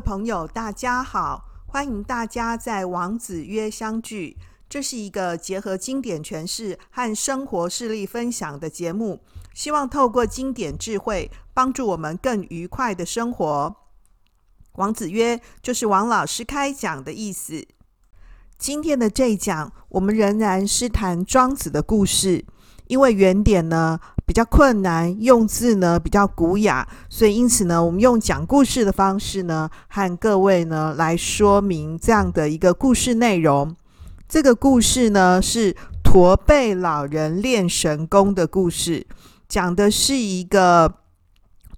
朋友，大家好，歡迎大家在王子曰相聚。這是一個結合經典詮釋和生活事例分享的節目，希望透過經典智慧，幫助我們更愉快的生活。王子曰就是王老師開講的意思。今天的這一講，我們仍然是談莊子的故事，因為原點呢。比較困難，用字呢比較古雅，所以因此呢，我們用講故事的方式呢，和各位呢來說明這樣的一個故事內容。這個故事呢是駝背老人練神功的故事，講的是一個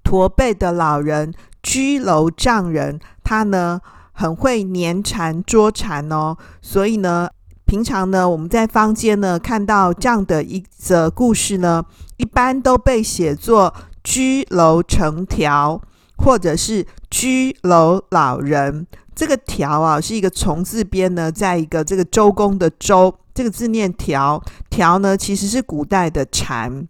駝背的老人痀僂丈人，他呢很會粘蟬捉蟬哦，所以呢。平常呢，我們在坊間呢看到這樣的一則故事呢，一般都被寫作“痀僂承蜩”或者是“痀僂老人”。這個“蜩”啊，是一個蟲字邊呢，在一個這個周公的“周”這個字念“蜩”，“蜩呢”呢其實是古代的蟬。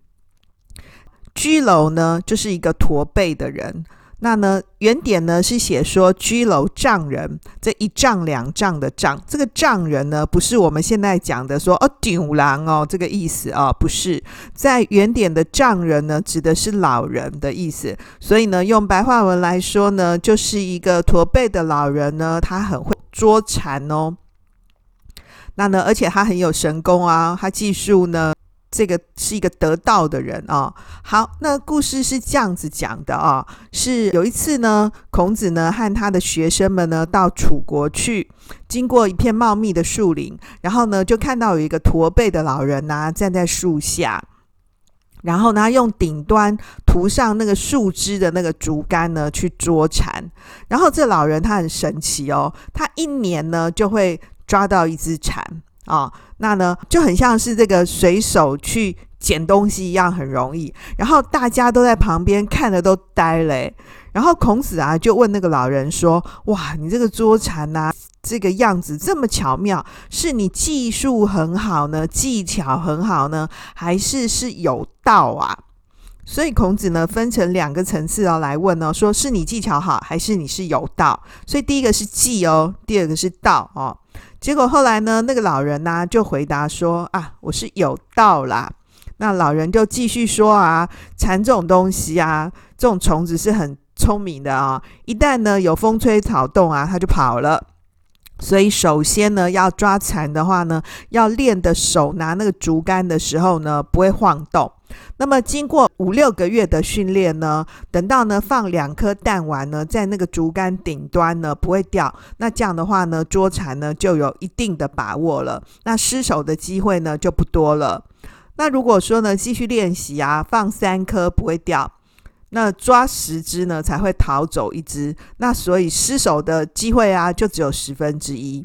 痀僂呢就是一個駝背的人。那呢，原典呢是寫說痀僂丈人這一丈兩丈的丈，這個丈人呢不是我們現在講的說哦，頂狼哦，這個意思哦，不是，在原典的丈人呢指的是老人的意思，所以呢，用白話文來說呢，就是一個駝背的老人呢，他很會捉蟬哦。那呢，而且他很有神功啊，他技術呢。這個是一個得道的人啊。好，那故事是這樣子講的啊，是有一次呢，孔子呢和他的學生們呢到楚國去，經過一片茂密的樹林，然後呢就看到有一個駝背的老人啊站在樹下，然後呢用頂端塗上那個樹枝的那個竹竿呢去捉蟬，然後這老人他很神奇哦，他一年呢就會抓到一隻蟬。啊、哦，那呢就很像是這個隨手去撿東西一樣，很容易。然後大家都在旁邊看的都呆嘞。然後孔子啊就問那個老人說：“哇，你這個捉蟬吶、啊，這個樣子這麼巧妙，是你技術很好呢，技巧很好呢，還是是有道啊？”所以孔子呢分成兩個層次哦來問呢、哦，說是你技巧好，還是你是有道？所以第一個是技哦，第二個是道哦。結果後來呢，那個老人呢、啊、就回答說：“啊，我是有道啦。”那老人就繼續說：“啊，蟬這種東西啊，這種蟲子是很聰明的啊、哦，一旦呢有風吹草動啊，它就跑了。”所以首先呢，要抓蟬的話呢，要練的手拿那個竹竿的時候呢，不會晃動。那麼經過五六個月的訓練呢，等到呢放兩顆彈丸呢，在那個竹竿頂端呢不會掉。那這樣的話呢，捉蟬呢就有一定的把握了。那失手的機會呢就不多了。那如果說呢繼續練習啊，放三顆不會掉。那抓十隻呢，才會逃走一隻，那所以失手的機會啊，就只有十分之一。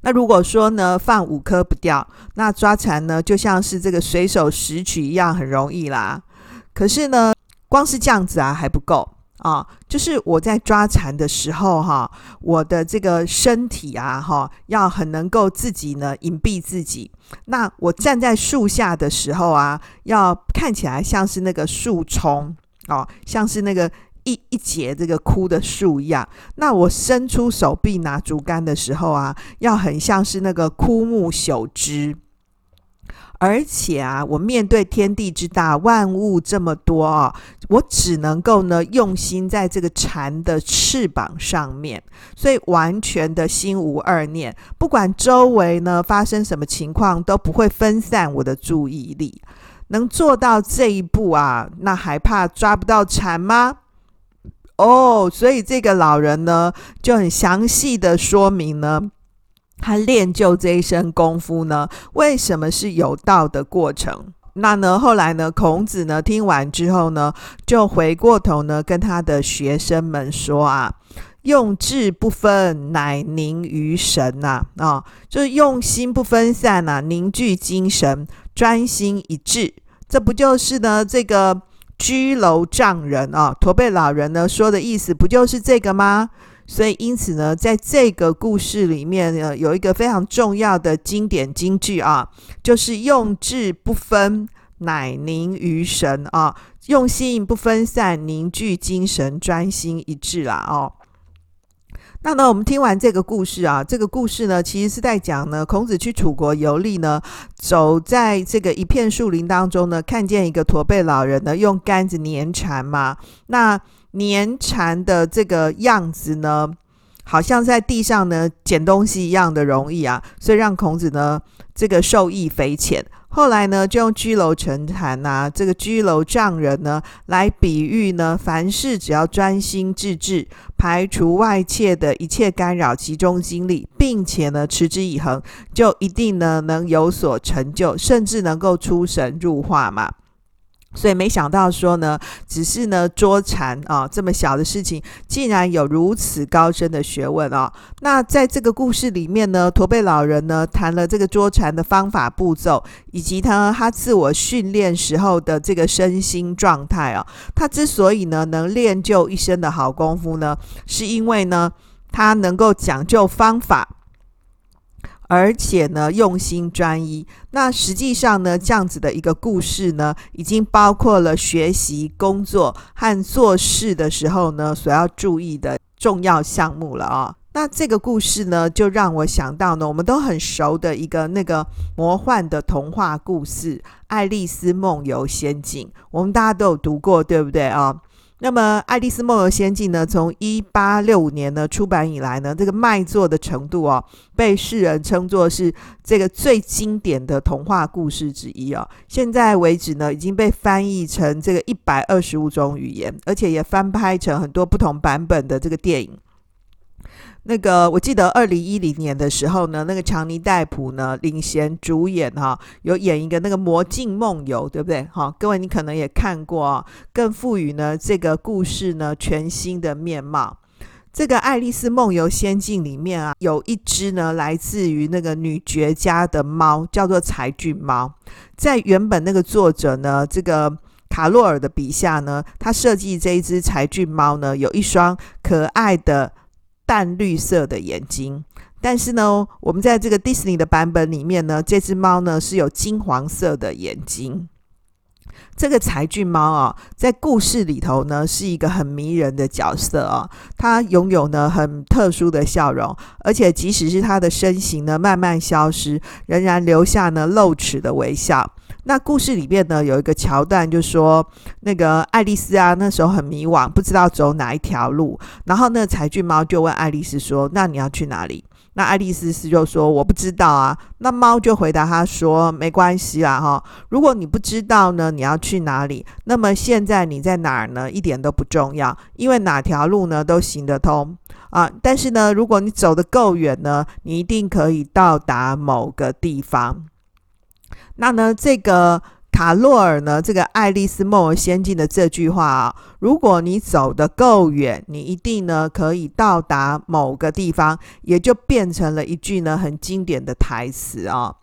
那如果說呢，放五顆不掉，那抓蟬呢，就像是這個隨手拾取一樣，很容易啦。可是呢，光是這樣子啊，還不夠啊。就是我在抓蟬的時候哈、啊，我的這個身體啊哈，要很能夠自己呢隱蔽自己。那我站在樹下的時候啊，要看起來像是那個樹叢。哦，像是那個一一節這個枯的樹一樣。那我伸出手臂拿竹竿的時候啊，要很像是那個枯木朽枝。而且啊，我面對天地之大，萬物這麼多啊、哦，我只能夠呢用心在這個蟬的翅膀上面，所以完全的心無二念，不管周圍呢發生什麼情況，都不會分散我的注意力。能做到這一步啊，那還怕抓不到蟬嗎？哦，所以這個老人呢，就很詳細的說明呢，他練就這一身功夫呢，為什麼是有道的過程？那呢，後來呢，孔子呢，聽完之後呢，就回過頭呢，跟他的學生們說啊。用志不分，乃凝於神吶啊！哦、就是用心不分散啊，凝聚精神，專心一致。這不就是呢？這個痀僂丈人啊，駝背老人呢說的意思，不就是這個嗎？所以因此呢，在這個故事裡面呢，有一個非常重要的經典金句啊，就是“用志不分，乃凝於神啊，用心不分散，凝聚精神，專心一致啦、啊、哦。”那呢，我們聽完這個故事啊，這個故事呢，其實是在講呢，孔子去楚國遊歷呢，走在這個一片樹林當中呢，看見一個駝背老人呢，用竿子粘蟬嘛，那粘蟬的這個樣子呢。好像在地上呢撿東西一樣的容易啊，所以讓孔子呢這個受益匪淺。後來呢，就用痀僂承蜩啊，這個痀僂丈人呢來比喻呢，凡事只要專心致志，排除外界的一切干擾，集中精力，並且呢持之以恆，就一定呢能有所成就，甚至能夠出神入化嘛。所以沒想到說呢，只是呢捉蟬啊、哦、這麼小的事情，竟然有如此高深的學問啊、哦。那在這個故事裡面呢，駝背老人呢談了這個捉蟬的方法步驟，以及他他自我訓練時候的這個身心狀態啊、哦。他之所以呢能練就一身的好功夫呢，是因為呢他能夠講究方法。而且呢，用心專一。那實際上呢，這樣子的一個故事呢，已經包括了學習、工作和做事的時候呢，所要注意的重要項目了啊。那這個故事呢，就讓我想到呢，我們都很熟的一個那個魔幻的童話故事《愛麗絲夢遊仙境》，我們大家都有讀過，對不對啊？那麼《愛麗絲夢遊仙境》呢，從一八六五年呢出版以來呢，這個賣座的程度哦，被世人稱作是這個最經典的童話故事之一哦，現在為止呢，已經被翻譯成這個一百二十五種語言，而且也翻拍成很多不同版本的這個電影。那個，我記得二零一零年的時候呢，那個強尼戴普呢領銜主演哈、啊，有演一個那個《魔鏡夢遊》，對不對？哈、哦，各位你可能也看過、啊，更賦予呢這個故事呢全新的面貌。這個《愛麗絲夢遊仙境》裡面啊，有一只呢來自於那個女爵家的貓，叫做柴郡貓。在原本那個作者呢，這個卡洛爾的筆下呢，他設計這一只柴郡貓呢，有一雙可愛的。淡綠色的眼睛，但是呢，我們在這個迪士尼的版本裡面呢，這只貓呢是有金黃色的眼睛。這個柴郡貓啊，在故事裡頭呢是一個很迷人的角色啊，它擁有呢很特殊的笑容，而且即使是它的身形呢慢慢消失，仍然留下呢露齒的微笑。那故事裡面呢，有一個橋段，就說那個愛麗絲啊，那時候很迷惘，不知道走哪一條路。然後那個柴郡貓就問愛麗絲說：“那你要去哪裡？”那愛麗絲是就說：“我不知道啊。”那貓就回答她說：“沒關係啦，哈，如果你不知道呢，你要去哪裡，那麼現在你在哪兒呢，一點都不重要，因為哪條路呢都行得通啊。但是呢，如果你走得夠遠呢，你一定可以到達某個地方。”那呢，這個卡洛爾呢，這個《愛麗絲夢遊仙境》的這句話啊、哦，如果你走得夠遠，你一定呢可以到達某個地方，也就變成了一句呢很經典的台詞啊、哦。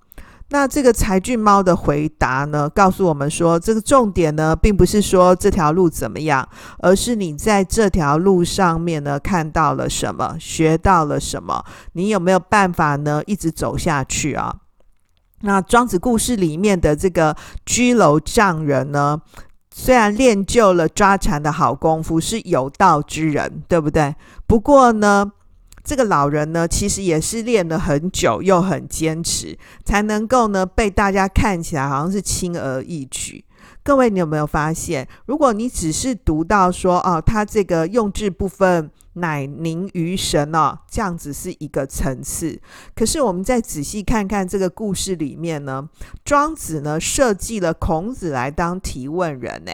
那這個柴郡貓的回答呢，告訴我們說，這個重點呢，並不是說這條路怎麼樣，而是你在這條路上面呢看到了什麼，學到了什麼，你有沒有辦法呢一直走下去啊、哦？那莊子故事裡面的這個痀僂丈人呢，雖然練就了抓蟬的好功夫，是有道之人，對不對？不過呢，這個老人呢，其實也是練了很久，又很堅持，才能夠呢被大家看起來好像是輕而易舉。各位，你有沒有發現，如果你只是讀到說，哦，他這個用志不分。乃凝於神呢、哦，這樣子是一個層次。可是我們再仔細看看這個故事裡面呢，莊子呢設計了孔子來當提問人呢。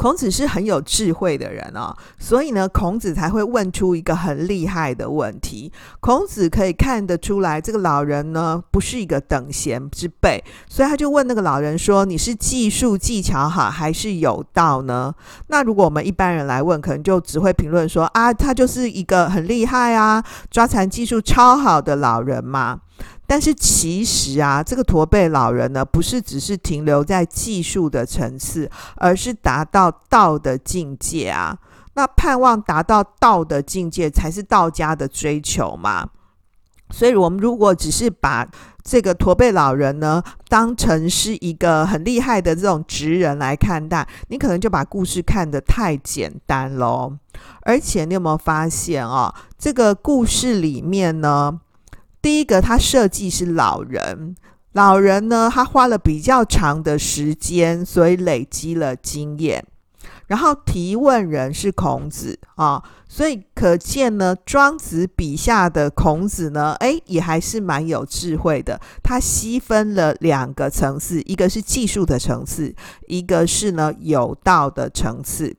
孔子是很有智慧的人哦，所以呢，孔子才會問出一個很厲害的問題。孔子可以看得出來，這個老人呢，不是一個等閒之輩，所以他就問那個老人說：“你是技術技巧好，還是有道呢？”那如果我們一般人來問，可能就只會評論說：“啊，他就是一個很厲害啊，抓蟬技術超好的老人嘛。”但是其實啊，這個駝背老人呢，不是只是停留在技術的層次，而是達到道的境界啊。那盼望達到道的境界，才是道家的追求嘛。所以，我們如果只是把這個駝背老人呢，當成是一個很厲害的這種職人來看待，你可能就把故事看得太簡單嘍。而且，你有沒有發現哦、啊，這個故事裡面呢？第一個，他設計是老人，老人呢，他花了比較長的時間，所以累積了經驗。然後提問人是孔子啊，所以可見呢，莊子筆下的孔子呢，誒、欸，也還是蠻有智慧的。他細分了兩個層次，一個是技術的層次，一個是呢有道的層次。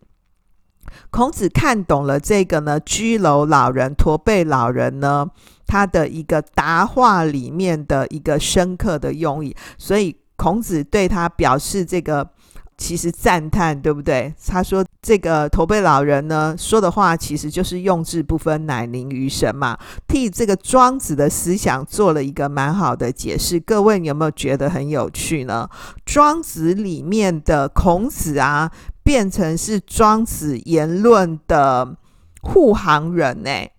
孔子看懂了這個呢，痀僂老人、駝背老人呢。他的一個答話裡面的一個深刻的用意，所以孔子對他表示這個其實讚嘆，對不對？他說這個駝背老人呢說的話，其實就是用志不分，乃凝於神嘛，替這個莊子的思想做了一個蠻好的解釋。各位你有沒有覺得很有趣呢？莊子裡面的孔子啊，變成是莊子言論的護航人呢、欸。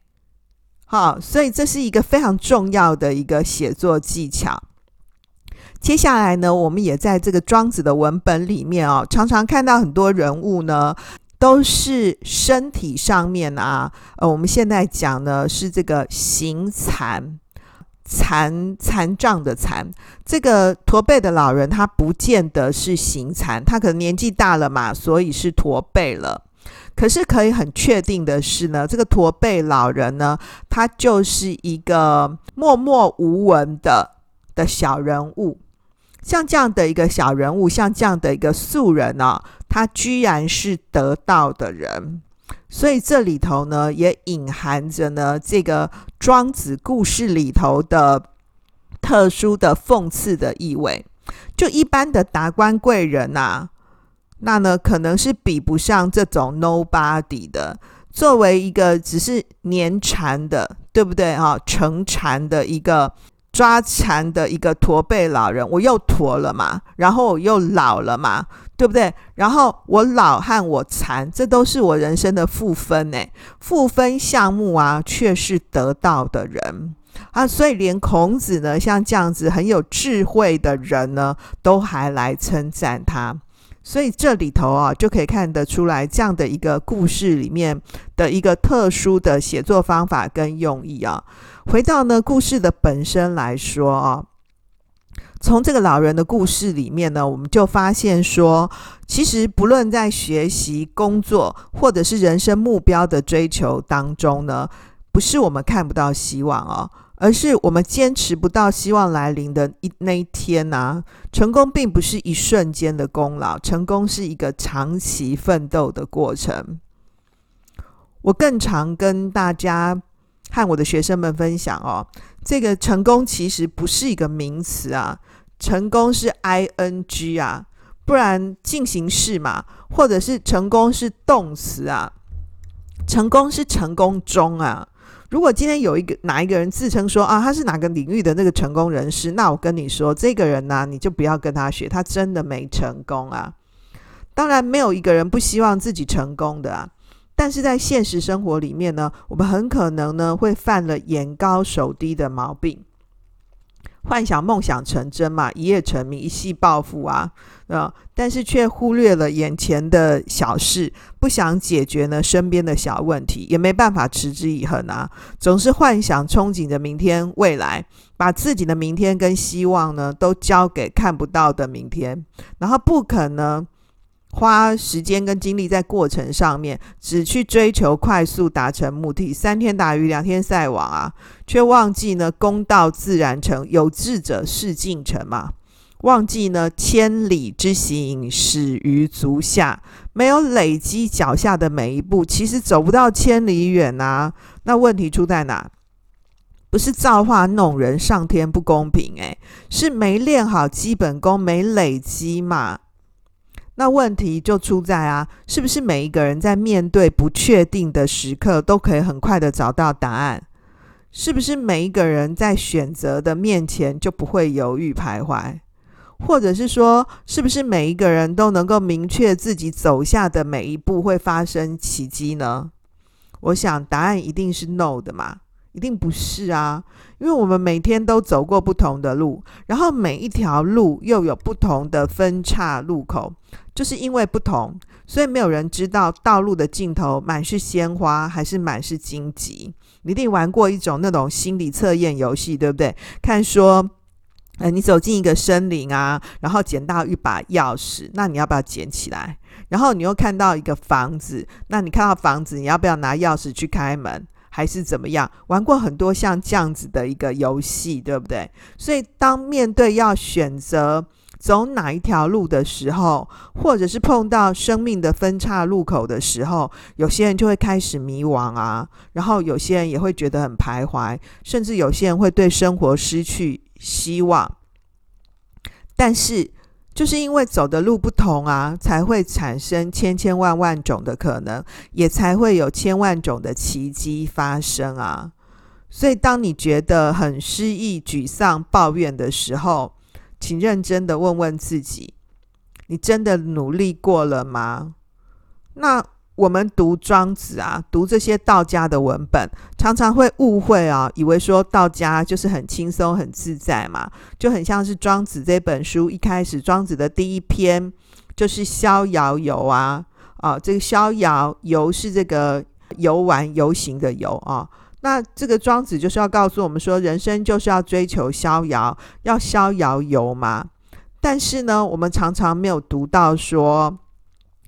好，所以這是一個非常重要的一個寫作技巧。接下來呢，我們也在這個《莊子》的文本裡面哦，常常看到很多人物呢，都是身體上面啊，呃，我們現在講呢是這個“形殘殘殘障”的“殘”，這個駝背的老人他不見得是形殘，他可能年紀大了嘛，所以是駝背了。可是可以很確定的是呢，這個駝背老人呢，他就是一個默默無聞的的小人物。像這樣的一個小人物，像這樣的一個素人呢、啊，他居然是得道的人。所以這裡頭呢，也隱含着呢，這個莊子故事裡頭的特殊的諷刺的意味。就一般的達官貴人啊。那呢，可能是比不上這種 nobody 的。作為一個只是黏蟬的，對不對啊、哦？承蜩的一個抓蟬的一個駝背老人，我又駝了嘛，然後我又老了嘛，對不對？然後我老和我殘，這都是我人生的負分誒，負分項目啊，卻是得道的人啊，所以連孔子呢，像這樣子很有智慧的人呢，都還來稱讚他。所以這裡頭啊，就可以看得出來，這樣的一個故事裡面的一個特殊的寫作方法跟用意啊。回到呢，故事的本身來說啊，從這個老人的故事裡面呢，我們就發現說，其實不論在學習、工作，或者是人生目標的追求當中呢，不是我們看不到希望哦。而是我們堅持不到希望來臨的一那一天啊！成功並不是一瞬間的功勞，成功是一個長期奮鬥的過程。我更常跟大家和我的學生們分享哦，這個成功其實不是一個名詞啊，成功是 ing 啊，不然進行式嘛，或者是成功是動詞啊，成功是成功中啊。如果今天有一個哪一個人自稱說啊，他是哪個領域的那個成功人士，那我跟你說，這個人呢、啊，你就不要跟他學，他真的沒成功啊。當然，沒有一個人不希望自己成功的啊，但是在現實生活裡面呢，我們很可能呢會犯了眼高手低的毛病，幻想夢想成真嘛，一夜成名，一夕暴富啊。啊、嗯！但是卻忽略了眼前的小事，不想解決呢身邊的小問題，也沒辦法持之以恆啊！總是幻想、憧憬着明天、未來，把自己的明天跟希望呢都交給看不到的明天，然後不肯呢花時間跟精力在過程上面，只去追求快速達成目的，三天打魚兩天曬網啊！卻忘記呢，功到自然成，有志者事竟成嘛、啊。忘記呢，千里之行，始於足下。沒有累積腳下的每一步，其實走不到千里遠啊。那問題出在哪？不是造化弄人，上天不公平，欸，是沒練好基本功，沒累積嘛。那問題就出在啊，是不是每一個人在面對不確定的時刻，都可以很快的找到答案？是不是每一個人在選擇的面前，就不會猶豫徘徊？或者是說，是不是每一個人都能夠明確自己走下的每一步會發生奇蹟呢？我想答案一定是 No 的嘛，一定不是啊，因為我們每天都走過不同的路，然後每一條路又有不同的分岔路口，就是因為不同，所以沒有人知道道路的盡頭滿是鮮花還是滿是荊棘。你一定玩過一種那種心理測驗遊戲，對不對？看說。嗯、呃，你走進一個森林啊，然後撿到一把鑰匙，那你要不要撿起來？然後你又看到一個房子，那你看到房子，你要不要拿鑰匙去開門？還是怎麼樣？玩過很多像這樣子的一個遊戲，對不對？所以當面對要選擇。走哪一條路的時候，或者是碰到生命的分岔路口的時候，有些人就會開始迷惘啊，然後有些人也會覺得很徘徊，甚至有些人會對生活失去希望。但是，就是因為走的路不同啊，才會產生千千萬萬種的可能，也才會有千萬種的奇蹟發生啊。所以當你覺得很失意、沮喪、抱怨的時候，請認真的問問自己，你真的努力過了嗎？那我們讀莊子啊，讀這些道家的文本，常常會誤會啊，以為說道家就是很輕鬆、很自在嘛，就很像是莊子這本書一開始，莊子的第一篇就是《逍遙遊》啊，啊，這個“逍遙遊”是這個遊玩、遊行的“遊”啊。那這個莊子就是要告訴我們說，人生就是要追求逍遙，要逍遙遊嘛。但是呢，我們常常沒有讀到說，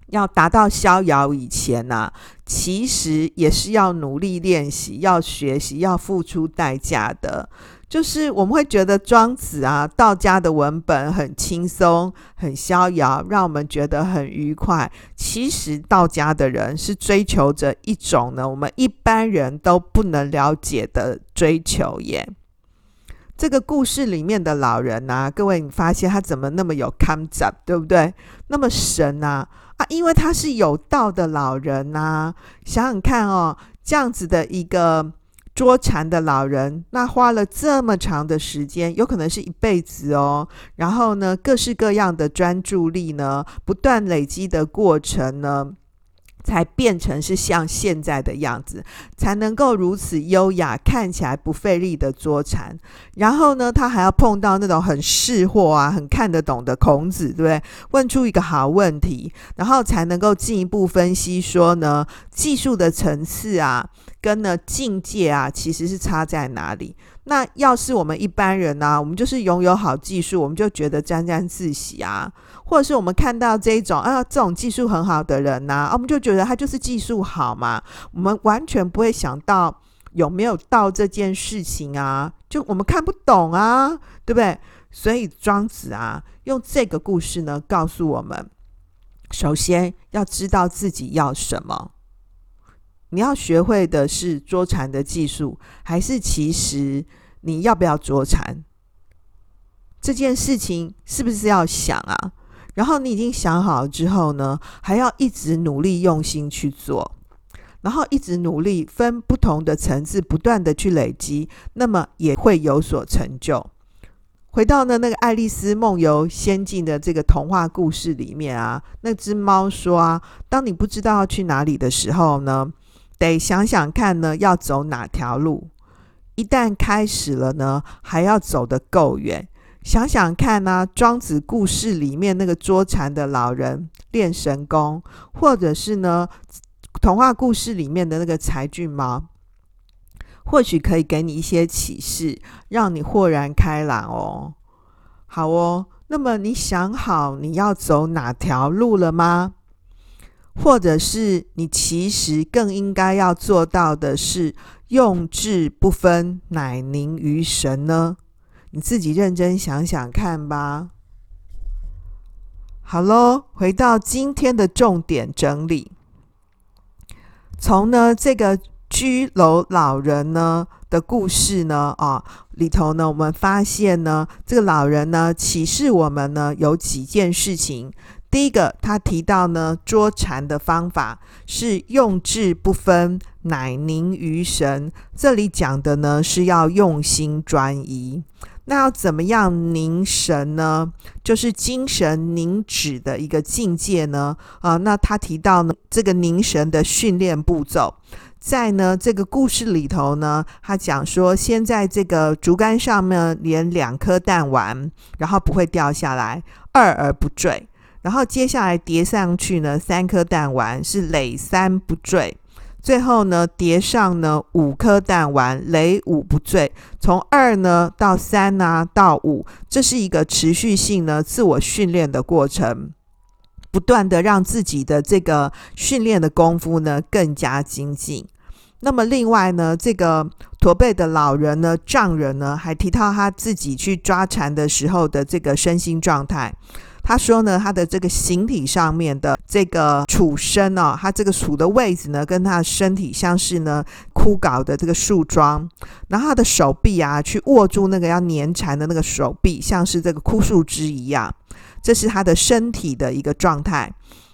要達到逍遙以前呢、啊，其實也是要努力練習、要學習、要付出代價的。就是我們會覺得莊子啊，道家的文本很輕鬆、很逍遙，讓我們覺得很愉快。其實道家的人是追求着一種呢，我們一般人都不能了解的追求耶。這個故事裡面的老人啊，各位你發現他怎麼那麼有看，對不對？那麼神吶啊，啊，因為他是有道的老人吶啊。想想看哦，這樣子的一個。捉蟬的老人，那花了這麼長的時間，有可能是一輩子哦。然後呢，各式各樣的專注力呢，不斷累積的過程呢。才變成是像現在的樣子，才能夠如此優雅，看起來不費力的捉蟬。然後呢，他還要碰到那種很識貨啊、很看得懂的孔子，對不對？問出一個好問題，然後才能夠進一步分析說呢，技術的層次啊，跟呢境界啊，其實是差在哪裡。那要是我們一般人呢、啊，我們就是擁有好技術，我們就覺得沾沾自喜啊。或者是我們看到這種啊，這種技術很好的人吶，啊，啊，我們就覺得他就是技術好嘛，我們完全不會想到有沒有到這件事情啊，就我們看不懂啊，對不對？所以莊子啊，用這個故事呢，告訴我們，首先要知道自己要什麼，你要學會的是捉蟬的技術，還是其實你要不要捉蟬這件事情，是不是要想啊？然後你已經想好了之後呢，還要一直努力用心去做，然後一直努力分不同的層次，不斷的去累積，那麼也會有所成就。回到呢那個愛麗絲夢遊仙境的這個童話故事裡面啊，那隻貓說啊，當你不知道要去哪裡的時候呢，得想想看呢要走哪條路，一旦開始了呢，還要走得夠遠。想想看呢、啊，莊子故事裡面那個捉蟬的老人練神功，或者是呢，童話故事裡面的那個柴郡貓，或許可以給你一些啟示，讓你豁然開朗哦。好哦，那麼你想好你要走哪條路了嗎？或者是你其實更應該要做到的是用志不分，乃凝於神呢？你自己認真想想看吧。好嘍，回到今天的重點整理。從呢這個痀僂老人呢的故事呢啊裡頭呢，我們發現呢這個老人呢啟示我們呢有幾件事情。第一個，他提到呢捉蟬的方法是用志不分，乃凝於神。這裡講的呢是要用心專一。那要怎麼樣凝神呢？就是精神凝止的一個境界呢。啊、呃，那他提到呢，這個凝神的訓練步驟，在呢這個故事裡頭呢，他講說，先在這個竹竿上面連兩顆彈丸，然後不會掉下來，二而不墜。然後接下來疊上去呢，三顆彈丸是累三不墜。最後呢，疊上呢五顆彈丸，累五不墜。從二呢到三啊，到五，這是一個持續性呢自我訓練的過程，不斷的讓自己的這個訓練的功夫呢更加精進。那麼另外呢，這個駝背的老人呢，丈人呢，還提到他自己去抓蟬的時候的這個身心狀態。他說呢，他的這個形體上面的這個處身哦，他這個處的位置呢，跟他的身體像是呢枯槁的這個樹樁，然後他的手臂啊，去握住那個要粘蟬的那個手臂，像是這個枯樹枝一樣，這是他的身體的一個狀態。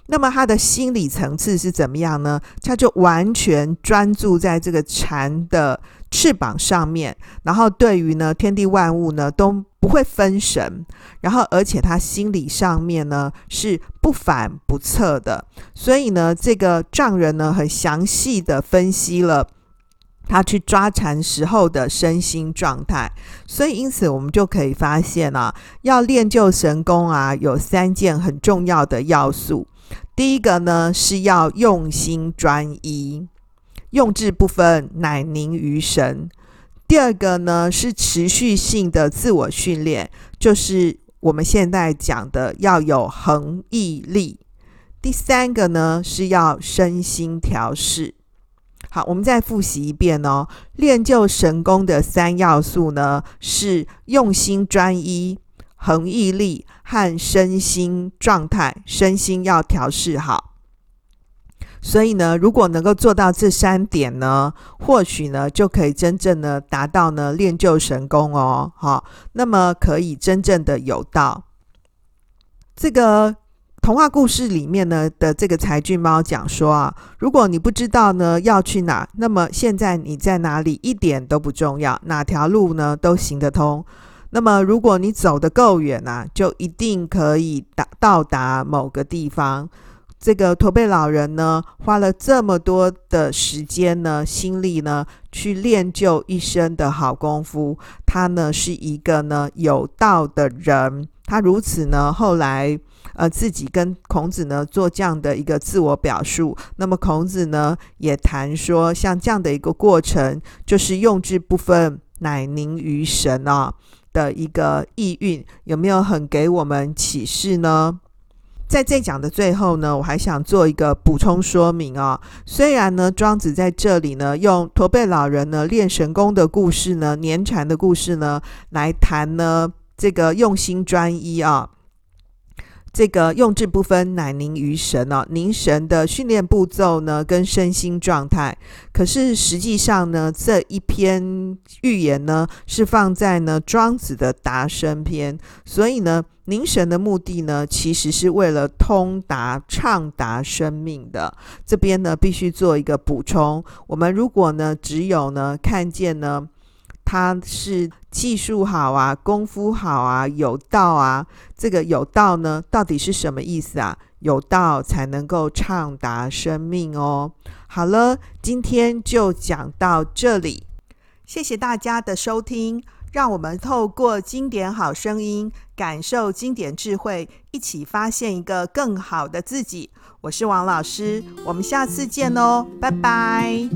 那麼他的心理層次是怎麼樣呢？他就完全專注在這個蟬的。翅膀上面，然後對於呢天地萬物呢都不會分神，然後而且他心理上面呢是不反不側的，所以呢這個丈人呢很詳細的分析了他去抓蟬時候的身心狀態，所以因此我們就可以發現啊，要練就神功啊有三件很重要的要素，第一個呢是要用心專一。用志不分，乃凝於神。第二個呢是持續性的自我訓練，就是我們現在講的要有恆毅力。第三個呢是要身心調適。好，我們再複習一遍哦，練就神功的三要素呢是用心專一、恆毅力和身心狀態，身心要調適好。所以呢，如果能夠做到這三點呢，或許呢就可以真正的達到呢練就神功哦，好、哦，那麼可以真正的有道。這個童話故事裡面呢的這個柴郡貓講說啊，如果你不知道呢要去哪，那麼現在你在哪裡，一點都不重要，哪條路呢都行得通。那麼如果你走得夠遠啊，就一定可以達到，到達某個地方。這個駝背老人呢，花了這麼多的時間呢，心力呢，去練就一身的好功夫。他呢是一個呢有道的人，他如此呢，後來呃自己跟孔子呢做這樣的一個自我表述。那麼孔子呢也談說，像這樣的一個過程，就是用志不分，乃凝於神啊的一個意蘊，有沒有很給我們啟示呢？在這講的最後呢，我還想做一個補充說明啊、哦。雖然呢，莊子在這裡呢，用駝背老人呢練神功的故事呢，黏蟬的故事呢，來談呢這個用心專一啊。這個用志不分，乃凝於神哦。凝神的訓練步驟呢，跟身心狀態。可是實際上呢，這一篇寓言呢，是放在呢莊子的《達生篇》，所以呢，凝神的目的呢，其實是為了通達、暢達生命的。這邊呢，必須做一個補充：我們如果呢，只有呢看見呢。他是技術好啊，功夫好啊，有道啊。這個有道呢，到底是什麼意思啊？有道才能夠暢達生命哦。好了，今天就講到這裡，謝謝大家的收聽。讓我們透過經典好聲音，感受經典智慧，一起發現一個更好的自己。我是王老師，我們下次見哦，拜拜。